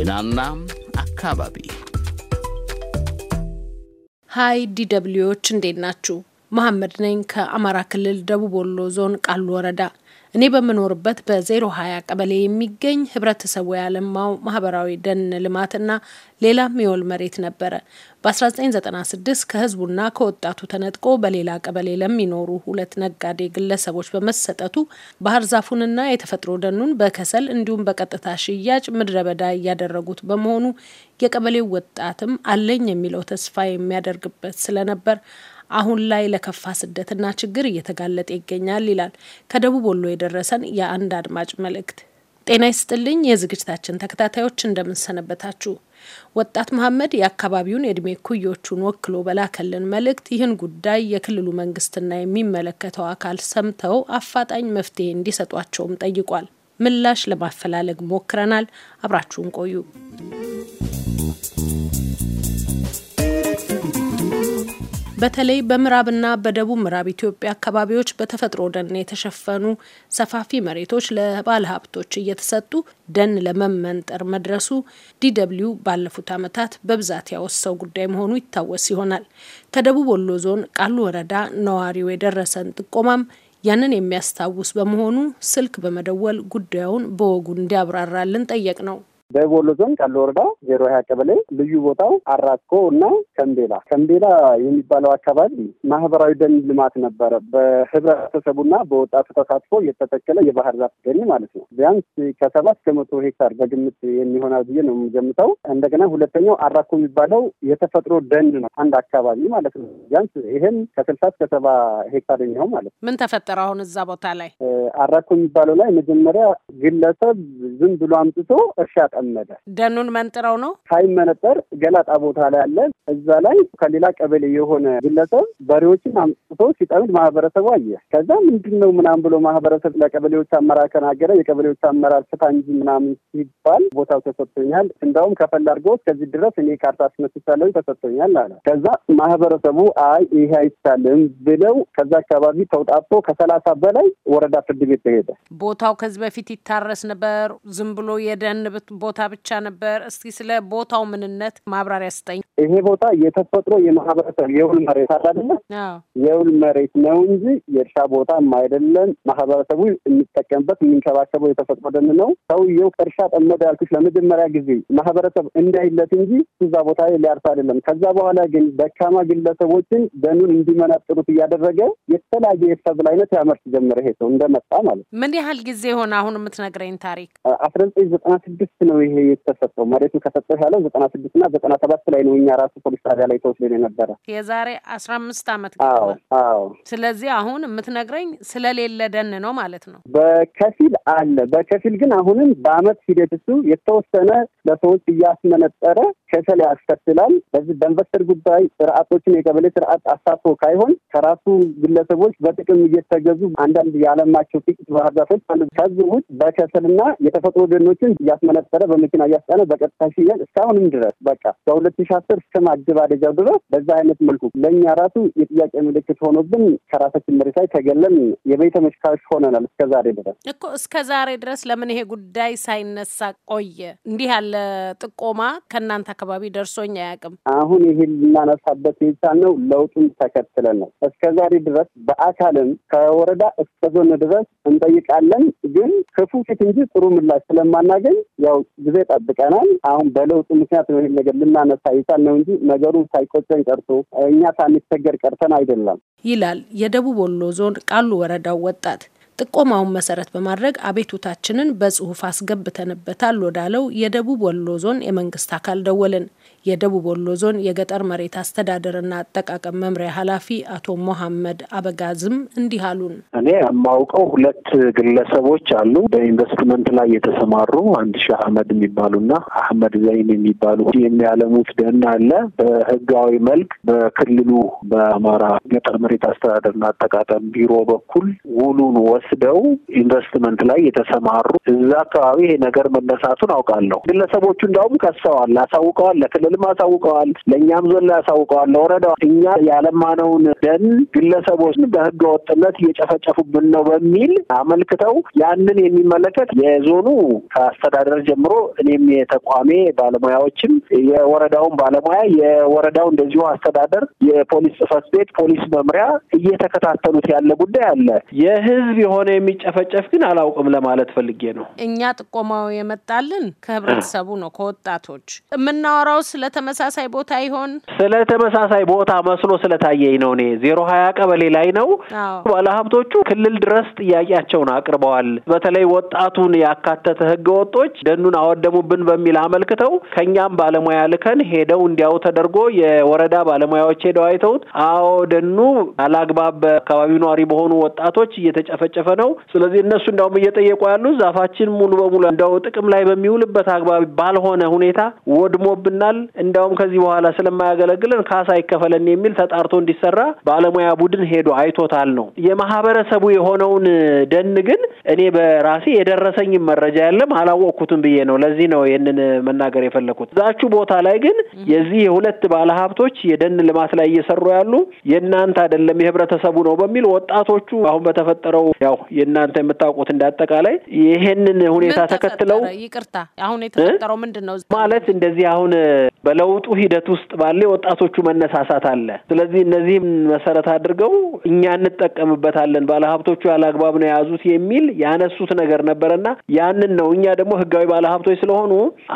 ጤናና አካባቢ ሀይ ዲደብሊዎች እንዴት ናችሁ? መሐመድ ነኝ ከአማራ ክልል ደቡብ ወሎ ዞን ቃሉ ወረዳ እኔ በምኖርበት በ020 ቀበሌ የሚገኝ ህብረተሰቡ ያለማው ማህበራዊ ደን ልማትና ሌላም የወል መሬት ነበረ። በ1996 ከህዝቡና ከወጣቱ ተነጥቆ በሌላ ቀበሌ ለሚኖሩ ሁለት ነጋዴ ግለሰቦች በመሰጠቱ ባህር ዛፉንና የተፈጥሮ ደኑን በከሰል እንዲሁም በቀጥታ ሽያጭ ምድረ በዳ እያደረጉት በመሆኑ የቀበሌው ወጣትም አለኝ የሚለው ተስፋ የሚያደርግበት ስለነበር አሁን ላይ ለከፋ ስደትና ችግር እየተጋለጠ ይገኛል ይላል ከደቡብ ወሎ የደረሰን የአንድ አድማጭ መልእክት። ጤና ይስጥልኝ የዝግጅታችን ተከታታዮች እንደምንሰነበታችሁ። ወጣት መሐመድ የአካባቢውን የእድሜ ኩዮቹን ወክሎ በላከልን መልእክት ይህን ጉዳይ የክልሉ መንግስትና የሚመለከተው አካል ሰምተው አፋጣኝ መፍትሄ እንዲሰጧቸውም ጠይቋል። ምላሽ ለማፈላለግ ሞክረናል። አብራችሁን ቆዩ። በተለይ በምዕራብና በደቡብ ምዕራብ ኢትዮጵያ አካባቢዎች በተፈጥሮ ደን የተሸፈኑ ሰፋፊ መሬቶች ለባለ ሀብቶች እየተሰጡ ደን ለመመንጠር መድረሱ ዲደብሊው ባለፉት ዓመታት በብዛት ያወሰው ጉዳይ መሆኑ ይታወስ ይሆናል። ከደቡብ ወሎ ዞን ቃሉ ወረዳ ነዋሪው የደረሰን ጥቆማም ያንን የሚያስታውስ በመሆኑ ስልክ በመደወል ጉዳዩን በወጉ እንዲያብራራልን ጠየቅ ነው። በወሎ ዞን ቀሎ ወረዳ ዜሮ ሀያ ቀበሌ ልዩ ቦታው አራትኮ እና ከምቤላ ከምቤላ የሚባለው አካባቢ ማህበራዊ ደን ልማት ነበረ። በህብረተሰቡና በወጣቱ ተሳትፎ የተተከለ የባህር ዛፍ ደን ማለት ነው። ቢያንስ ከሰባት ከመቶ ሄክታር በግምት የሚሆናል ብዬ ነው የምገምተው። እንደገና ሁለተኛው አራኮ የሚባለው የተፈጥሮ ደን ነው፣ አንድ አካባቢ ማለት ነው። ቢያንስ ይሄም ከስልሳ እስከ ሰባ ሄክታር የሚሆን ማለት ነው። ምን ተፈጠረ አሁን እዛ ቦታ ላይ አራኮ የሚባለው ላይ መጀመሪያ ግለሰብ ዝም ብሎ አምጥቶ እርሻ ተጠመደ። ደኑን መንጥረው ነው ሳይመነጠር ገላጣ ቦታ ላይ አለ። እዛ ላይ ከሌላ ቀበሌ የሆነ ግለሰብ በሬዎችን አምጥቶ ሲጠምድ ማህበረሰቡ አየ። ከዛ ምንድን ነው ምናምን ብሎ ማህበረሰብ ለቀበሌዎች አመራር ከናገረ የቀበሌዎች አመራር ስታ እንጂ ምናምን ሲባል ቦታው ተሰጥቶኛል፣ እንዳውም ከፈል አድርገው እስከዚህ ድረስ እኔ ካርታ አስነስቻለሁ ተሰጥቶኛል አለ። ከዛ ማህበረሰቡ አይ ይሄ አይቻልም ብለው ከዛ አካባቢ ተውጣቶ ከሰላሳ በላይ ወረዳ ፍርድ ቤት ተሄደ። ቦታው ከዚህ በፊት ይታረስ ነበር። ዝም ብሎ የደን ቦታ ብቻ ነበር። እስቲ ስለ ቦታው ምንነት ማብራሪያ ስጠኝ። ይሄ ቦታ የተፈጥሮ የማህበረሰብ የውል መሬት አላለ የውል መሬት ነው እንጂ የእርሻ ቦታም አይደለም። ማህበረሰቡ የሚጠቀምበት የሚንከባከበው የተፈጥሮ ደን ነው። ሰውየው እርሻ ጠመደ ያልኩሽ ለመጀመሪያ ጊዜ ማህበረሰብ እንዳይለት እንጂ እዛ ቦታ ላይ ሊያርስ አይደለም። ከዛ በኋላ ግን ደካማ ግለሰቦችን ደኑን እንዲመናጥሩት እያደረገ የተለያየ የሰብል አይነት ያመርት ጀመረ። ይሄ ሰው እንደመጣ ማለት ምን ያህል ጊዜ ሆነ? አሁን የምትነግረኝ ታሪክ አስራ ዘጠኝ ዘጠና ስድስት ነው ነው ይሄ የተሰጠው መሬቱን ከሰጠው ያለው ዘጠና ስድስት ና ዘጠና ሰባት ላይ ነው። እኛ ራሱ ፖሊስ ጣቢያ ላይ ተወስደን የነበረ የዛሬ አስራ አምስት አመት። አዎ አዎ። ስለዚህ አሁን የምትነግረኝ ስለሌለ ደን ነው ማለት ነው። በከፊል አለ፣ በከፊል ግን አሁንም በአመት ሂደት እሱ የተወሰነ ለሰዎች እያስመነጠረ ሸሸል ያስከትላል። በዚህ በኢንቨስተር ጉዳይ ስርዓቶችን የቀበሌ ስርዓት አሳትፎ ካይሆን ከራሱ ግለሰቦች በጥቅም እየተገዙ አንዳንድ የዓለማቸው ጥቂት ባህር ዛፎች አሉ። ከዚህ ውጭ በከሰልና የተፈጥሮ ደኖችን እያስመነጠረ በመኪና እያስጫነ በቀጥታ ሽያጭ እስካሁንም ድረስ በቃ በሁለት ሺ አስር እስከ ማገባደጃው ድረስ በዛ አይነት መልኩ ለእኛ ራሱ የጥያቄ ምልክት ሆኖብን ከራሳችን መሬት ላይ ተገለን የቤተ መሽካዮች ሆነናል። እስከ ዛሬ ድረስ እኮ እስከ ዛሬ ድረስ ለምን ይሄ ጉዳይ ሳይነሳ ቆየ? እንዲህ ያለ ጥቆማ ከእናንተ አካባቢ ደርሶኝ አያውቅም። አሁን ይህን ልናነሳበት የቻልነው ለውጡን ተከትለን ነው። እስከ ዛሬ ድረስ በአካልም ከወረዳ እስከ ዞን ድረስ እንጠይቃለን፣ ግን ክፉ ፊት እንጂ ጥሩ ምላሽ ስለማናገኝ ያው ጊዜ ጠብቀናል። አሁን በለውጡ ምክንያት ነው ይህን ነገር ልናነሳ የቻልነው እንጂ ነገሩ ሳይቆጨን ቀርቶ እኛ ሳንቸገር ቀርተን አይደለም ይላል የደቡብ ወሎ ዞን ቃሉ ወረዳው ወጣት ጥቆማውን መሰረት በማድረግ አቤቱታችንን በጽሁፍ አስገብተንበታል ወዳለው የደቡብ ወሎ ዞን የመንግስት አካል ደወልን። የደቡብ ወሎ ዞን የገጠር መሬት አስተዳደርና አጠቃቀም መምሪያ ኃላፊ አቶ ሞሐመድ አበጋዝም እንዲህ አሉን። እኔ የማውቀው ሁለት ግለሰቦች አሉ በኢንቨስትመንት ላይ የተሰማሩ አንድ ሺህ አህመድ የሚባሉና አህመድ ዘይን የሚባሉ የሚያለሙት ደህና አለ። በህጋዊ መልክ በክልሉ በአማራ ገጠር መሬት አስተዳደርና አጠቃቀም ቢሮ በኩል ውሉን ወስ ወስደው ኢንቨስትመንት ላይ የተሰማሩ እዛ አካባቢ ይሄ ነገር መነሳቱን አውቃለሁ። ግለሰቦቹ እንዲያውም ከሰዋል፣ አሳውቀዋል፣ ለክልልም አሳውቀዋል፣ ለእኛም ዞን ላይ አሳውቀዋል፣ ለወረዳ እኛ ያለማነውን ደን ግለሰቦችን በህገ ወጥነት እየጨፈጨፉብን ነው በሚል አመልክተው ያንን የሚመለከት የዞኑ ከአስተዳደር ጀምሮ እኔም የተቋሜ ባለሙያዎችም የወረዳውን ባለሙያ የወረዳው እንደዚሁ አስተዳደር የፖሊስ ጽህፈት ቤት ፖሊስ መምሪያ እየተከታተሉት ያለ ጉዳይ አለ የህዝብ ከሆነ የሚጨፈጨፍ ግን አላውቅም ለማለት ፈልጌ ነው። እኛ ጥቆማው የመጣልን ከህብረተሰቡ ነው፣ ከወጣቶች የምናወራው ስለ ተመሳሳይ ቦታ ይሆን ስለ ተመሳሳይ ቦታ መስሎ ስለታየኝ ነው። እኔ ዜሮ ሀያ ቀበሌ ላይ ነው። ባለሀብቶቹ ክልል ድረስ ጥያቄያቸውን አቅርበዋል። በተለይ ወጣቱን ያካተተ ህገ ወጦች ደኑን አወደሙብን በሚል አመልክተው ከእኛም ባለሙያ ልከን ሄደው እንዲያው ተደርጎ የወረዳ ባለሙያዎች ሄደው አይተውት አዎ ደኑ አላግባብ በአካባቢው ነዋሪ በሆኑ ወጣቶች እየተጨፈጨፈ የተረፈ ነው። ስለዚህ እነሱ እንዳውም እየጠየቁ ያሉ ዛፋችን ሙሉ በሙሉ እንደው ጥቅም ላይ በሚውልበት አግባቢ ባልሆነ ሁኔታ ወድሞብናል፣ እንዳውም ከዚህ በኋላ ስለማያገለግለን ካሳ ይከፈለን የሚል ተጣርቶ እንዲሰራ ባለሙያ ቡድን ሄዶ አይቶታል ነው። የማህበረሰቡ የሆነውን ደን ግን እኔ በራሴ የደረሰኝም መረጃ የለም አላወቅኩትም ብዬ ነው። ለዚህ ነው ይህንን መናገር የፈለግኩት። እዛችሁ ቦታ ላይ ግን የዚህ የሁለት ባለሀብቶች የደን ልማት ላይ እየሰሩ ያሉ የእናንተ አይደለም የህብረተሰቡ ነው በሚል ወጣቶቹ አሁን በተፈጠረው ያው የእናንተ የምታውቁት እንዳጠቃላይ ይሄንን ሁኔታ ተከትለው ይቅርታ፣ አሁን የተፈጠረው ምንድን ነው ማለት እንደዚህ አሁን በለውጡ ሂደት ውስጥ ባለ የወጣቶቹ መነሳሳት አለ። ስለዚህ እነዚህም መሰረት አድርገው እኛ እንጠቀምበታለን ባለሀብቶቹ ያለአግባብ ነው የያዙት የሚል ያነሱት ነገር ነበረና ያንን ነው እኛ ደግሞ ህጋዊ ባለሀብቶች ስለሆኑ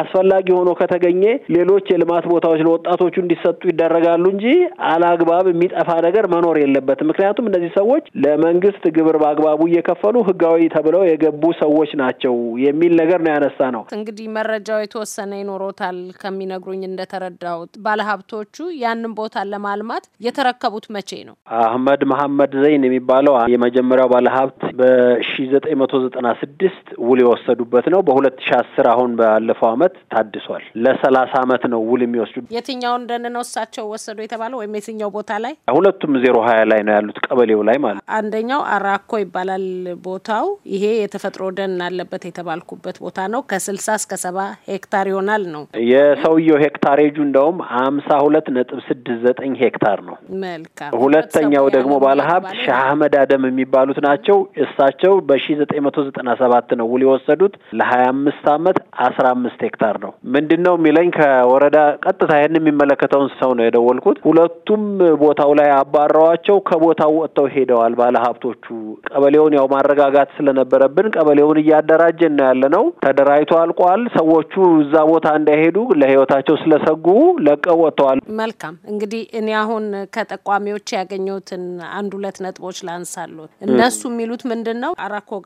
አስፈላጊ ሆኖ ከተገኘ ሌሎች የልማት ቦታዎች ለወጣቶቹ እንዲሰጡ ይደረጋሉ እንጂ አላግባብ የሚጠፋ ነገር መኖር የለበትም። ምክንያቱም እነዚህ ሰዎች ለመንግስት ግብር በአግባቡ በአግባቡ እየከፈሉ ህጋዊ ተብለው የገቡ ሰዎች ናቸው የሚል ነገር ነው ያነሳ ነው። እንግዲህ መረጃው የተወሰነ ይኖሮታል ከሚነግሩኝ እንደተረዳሁት ባለሀብቶቹ ያንን ቦታ ለማልማት የተረከቡት መቼ ነው? አህመድ መሐመድ ዘይን የሚባለው የመጀመሪያው ባለሀብት በሺ ዘጠኝ መቶ ዘጠና ስድስት ውል የወሰዱበት ነው። በሁለት ሺ አስር አሁን ባለፈው አመት ታድሷል። ለሰላሳ አመት ነው ውል የሚወስዱ የትኛውን ደን ነው እሳቸው ወሰዱ የተባለው ወይም የትኛው ቦታ ላይ? ሁለቱም ዜሮ ሀያ ላይ ነው ያሉት ቀበሌው ላይ ማለት አንደኛው አራኮ ይባላል ይባላል ቦታው። ይሄ የተፈጥሮ ደን አለበት የተባልኩበት ቦታ ነው። ከስልሳ እስከ ሰባ ሄክታር ይሆናል ነው የሰውየው ሄክታሬጁ። እንደውም ሀምሳ ሁለት ነጥብ ስድስት ዘጠኝ ሄክታር ነው። መልካም። ሁለተኛው ደግሞ ባለሀብት ሻህ አህመድ አደም የሚባሉት ናቸው። እሳቸው በሺ ዘጠኝ መቶ ዘጠና ሰባት ነው ውል የወሰዱት ለሀያ አምስት አመት አስራ አምስት ሄክታር ነው። ምንድን ነው የሚለኝ ከወረዳ ቀጥታ ይህን የሚመለከተውን ሰው ነው የደወልኩት። ሁለቱም ቦታው ላይ አባረዋቸው ከቦታው ወጥተው ሄደዋል ባለሀብቶቹ ቀበሌ ቀበሌውን ያው ማረጋጋት ስለነበረብን ቀበሌውን እያደራጀን ነው ያለ ነው። ተደራጅቶ አልቋል። ሰዎቹ እዛ ቦታ እንዳይሄዱ ለህይወታቸው ስለሰጉ ለቀው ወጥተዋል። መልካም እንግዲህ እኔ አሁን ከጠቋሚዎች ያገኘሁትን አንድ ሁለት ነጥቦች ላንሳሉ። እነሱ የሚሉት ምንድን ነው?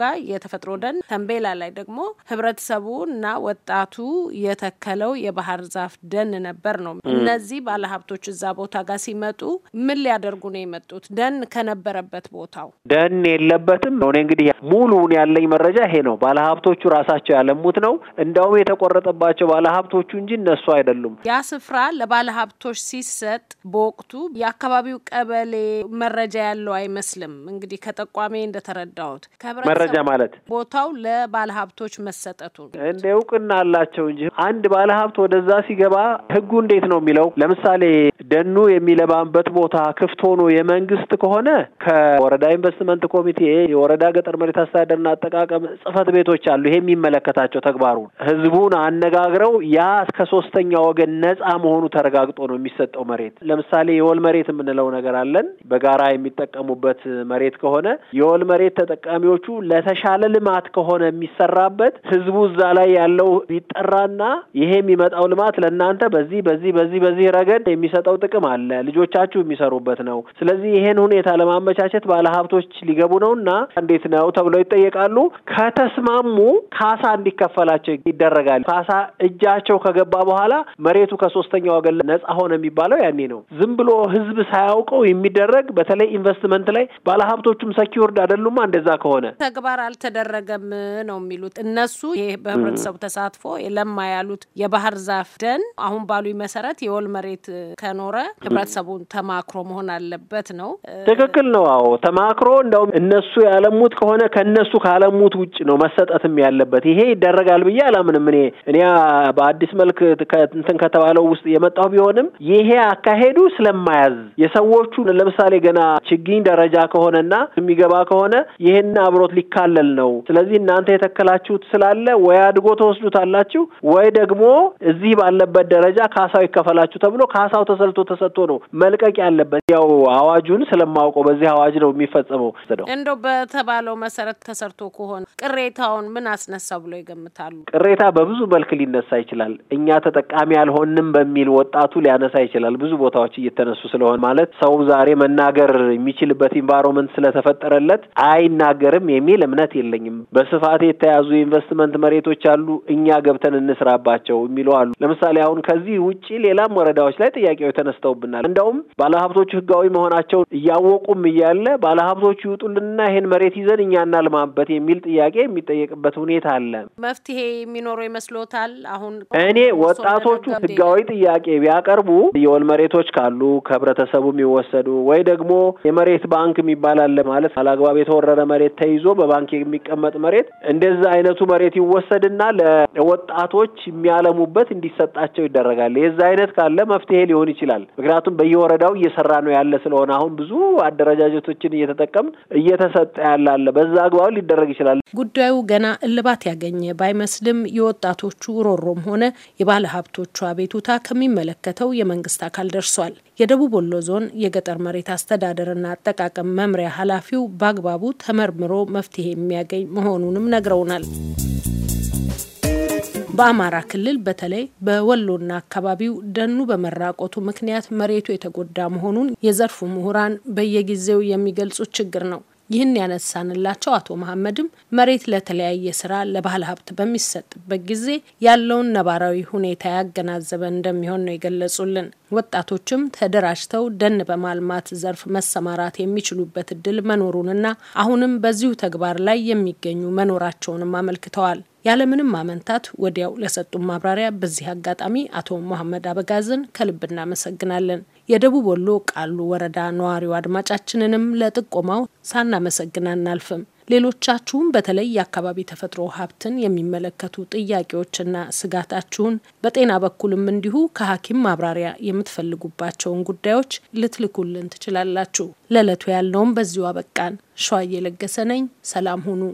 ጋ የተፈጥሮ ደን፣ ተንቤላ ላይ ደግሞ ህብረተሰቡ እና ወጣቱ የተከለው የባህር ዛፍ ደን ነበር ነው። እነዚህ ባለሀብቶች እዛ ቦታ ጋር ሲመጡ ምን ሊያደርጉ ነው የመጡት? ደን ከነበረበት ቦታው ደን የለበት ማለትም እኔ እንግዲህ ሙሉውን ያለኝ መረጃ ይሄ ነው። ባለሀብቶቹ ራሳቸው ያለሙት ነው። እንዳውም የተቆረጠባቸው ባለሀብቶቹ እንጂ እነሱ አይደሉም። ያ ስፍራ ለባለሀብቶች ሲሰጥ በወቅቱ የአካባቢው ቀበሌ መረጃ ያለው አይመስልም። እንግዲህ ከጠቋሚ እንደተረዳሁት መረጃ ማለት ቦታው ለባለሀብቶች መሰጠቱ እንደ እውቅና አላቸው እንጂ አንድ ባለሀብት ወደዛ ሲገባ ህጉ እንዴት ነው የሚለው ለምሳሌ ደኑ የሚለባበት ቦታ ክፍት ሆኖ የመንግስት ከሆነ ከወረዳ ኢንቨስትመንት ኮሚቴ የወረዳ ገጠር መሬት አስተዳደርና አጠቃቀም ጽህፈት ቤቶች አሉ። ይሄ የሚመለከታቸው ተግባሩ ህዝቡን አነጋግረው ያ እስከ ሶስተኛ ወገን ነጻ መሆኑ ተረጋግጦ ነው የሚሰጠው መሬት። ለምሳሌ የወል መሬት የምንለው ነገር አለን። በጋራ የሚጠቀሙበት መሬት ከሆነ የወል መሬት ተጠቃሚዎቹ ለተሻለ ልማት ከሆነ የሚሰራበት ህዝቡ እዛ ላይ ያለው ቢጠራና ይሄ የሚመጣው ልማት ለእናንተ በዚህ በዚህ በዚህ በዚህ ረገድ የሚሰጠው ጥቅም አለ፣ ልጆቻችሁ የሚሰሩበት ነው። ስለዚህ ይሄን ሁኔታ ለማመቻቸት ባለሀብቶች ሊገቡ ነውና እንዴት ነው ተብለው ይጠየቃሉ። ከተስማሙ ካሳ እንዲከፈላቸው ይደረጋል። ካሳ እጃቸው ከገባ በኋላ መሬቱ ከሶስተኛ ወገን ነጻ ሆነ የሚባለው ያኔ ነው። ዝም ብሎ ህዝብ ሳያውቀው የሚደረግ በተለይ ኢንቨስትመንት ላይ ባለሀብቶቹም ሰኪውርድ አይደሉማ። እንደዛ ከሆነ ተግባር አልተደረገም ነው የሚሉት እነሱ። ይህ በህብረተሰቡ ተሳትፎ ለማ ያሉት የባህር ዛፍ ደን አሁን ባሉኝ መሰረት የወል መሬት ከኖረ ህብረተሰቡ ተማክሮ መሆን አለበት ነው። ትክክል ነው። አዎ ተማክሮ እንደውም እነሱ ያለሙት ከሆነ ከነሱ ካለሙት ውጭ ነው መሰጠትም ያለበት። ይሄ ይደረጋል ብዬ አላምንም። እኔ እኔ በአዲስ መልክ እንትን ከተባለው ውስጥ የመጣው ቢሆንም ይሄ አካሄዱ ስለማያዝ የሰዎቹ ለምሳሌ ገና ችግኝ ደረጃ ከሆነና የሚገባ ከሆነ ይሄን አብሮት ሊካለል ነው። ስለዚህ እናንተ የተከላችሁት ስላለ ወይ አድጎ ተወስዱታላችሁ ወይ ደግሞ እዚህ ባለበት ደረጃ ካሳው ይከፈላችሁ ተብሎ ካሳው ተሰልቶ ተሰጥቶ ነው መልቀቅ ያለበት። ያው አዋጁን ስለማውቀው በዚህ አዋጅ ነው የሚፈጸመው። እንደው በተባለው መሰረት ተሰርቶ ከሆነ ቅሬታውን ምን አስነሳው ብሎ ይገምታሉ? ቅሬታ በብዙ መልክ ሊነሳ ይችላል። እኛ ተጠቃሚ አልሆንም በሚል ወጣቱ ሊያነሳ ይችላል። ብዙ ቦታዎች እየተነሱ ስለሆነ ማለት ሰው ዛሬ መናገር የሚችልበት ኢንቫይሮመንት ስለተፈጠረለት አይናገርም የሚል እምነት የለኝም። በስፋት የተያዙ የኢንቨስትመንት መሬቶች አሉ። እኛ ገብተን እንስራባቸው የሚሉ አሉ። ለምሳሌ አሁን ከዚህ ውጭ ሌላም ወረዳዎች ላይ ጥያቄዎች ተነስተውብናል። እንደውም ባለሀብቶቹ ህጋዊ መሆናቸውን እያወቁም እያለ ባለሀብቶቹ ይውጡልንና ይሄን መሬት ይዘን እኛ እናልማበት የሚል ጥያቄ የሚጠየቅበት ሁኔታ አለ። መፍትሄ የሚኖረው ይመስሎታል? አሁን እኔ ወጣቶቹ ህጋዊ ጥያቄ ቢያቀርቡ የወል መሬቶች ካሉ ከህብረተሰቡ የሚወሰዱ ወይ ደግሞ የመሬት ባንክ የሚባል አለ ማለት አላግባብ የተወረረ መሬት ተይዞ በባንክ የሚቀመጥ መሬት እንደዛ አይነቱ መሬት ይወሰድና ለወጣቶች የሚያለሙበት እንዲሰጣቸው ይደረጋል። የዛ አይነት ካለ መፍትሄ ሊሆን ይችላል። ምክንያቱም በየወረዳው እየሰራ ነው ያለ ስለሆነ አሁን ብዙ አደረጃጀቶችን እየተጠቀም እየተሰጠ እየተሰጠ ያለ አለ። በዛ አግባብ ሊደረግ ይችላል። ጉዳዩ ገና እልባት ያገኘ ባይመስልም የወጣቶቹ ሮሮም ሆነ የባለ ሀብቶቹ አቤቱታ ከሚመለከተው የመንግስት አካል ደርሷል። የደቡብ ወሎ ዞን የገጠር መሬት አስተዳደርና አጠቃቀም መምሪያ ኃላፊው በአግባቡ ተመርምሮ መፍትሄ የሚያገኝ መሆኑንም ነግረውናል። በአማራ ክልል በተለይ በወሎና አካባቢው ደኑ በመራቆቱ ምክንያት መሬቱ የተጎዳ መሆኑን የዘርፉ ምሁራን በየጊዜው የሚገልጹት ችግር ነው። ይህን ያነሳንላቸው አቶ መሀመድም መሬት ለተለያየ ስራ ለባህል ሀብት በሚሰጥበት ጊዜ ያለውን ነባራዊ ሁኔታ ያገናዘበ እንደሚሆን ነው የገለጹልን። ወጣቶችም ተደራጅተው ደን በማልማት ዘርፍ መሰማራት የሚችሉበት እድል መኖሩንና አሁንም በዚሁ ተግባር ላይ የሚገኙ መኖራቸውንም አመልክተዋል። ያለምንም ማመንታት ወዲያው ለሰጡን ማብራሪያ በዚህ አጋጣሚ አቶ መሐመድ አበጋዝን ከልብ እናመሰግናለን። የደቡብ ወሎ ቃሉ ወረዳ ነዋሪው አድማጫችንንም ለጥቆማው ሳናመሰግን አናልፍም። ሌሎቻችሁም በተለይ የአካባቢ ተፈጥሮ ሀብትን የሚመለከቱ ጥያቄዎችና ስጋታችሁን በጤና በኩልም እንዲሁ ከሐኪም ማብራሪያ የምትፈልጉባቸውን ጉዳዮች ልትልኩልን ትችላላችሁ። ለዕለቱ ያልነውም በዚሁ አበቃን። ሸዋዬ ለገሰ ነኝ። ሰላም ሁኑ።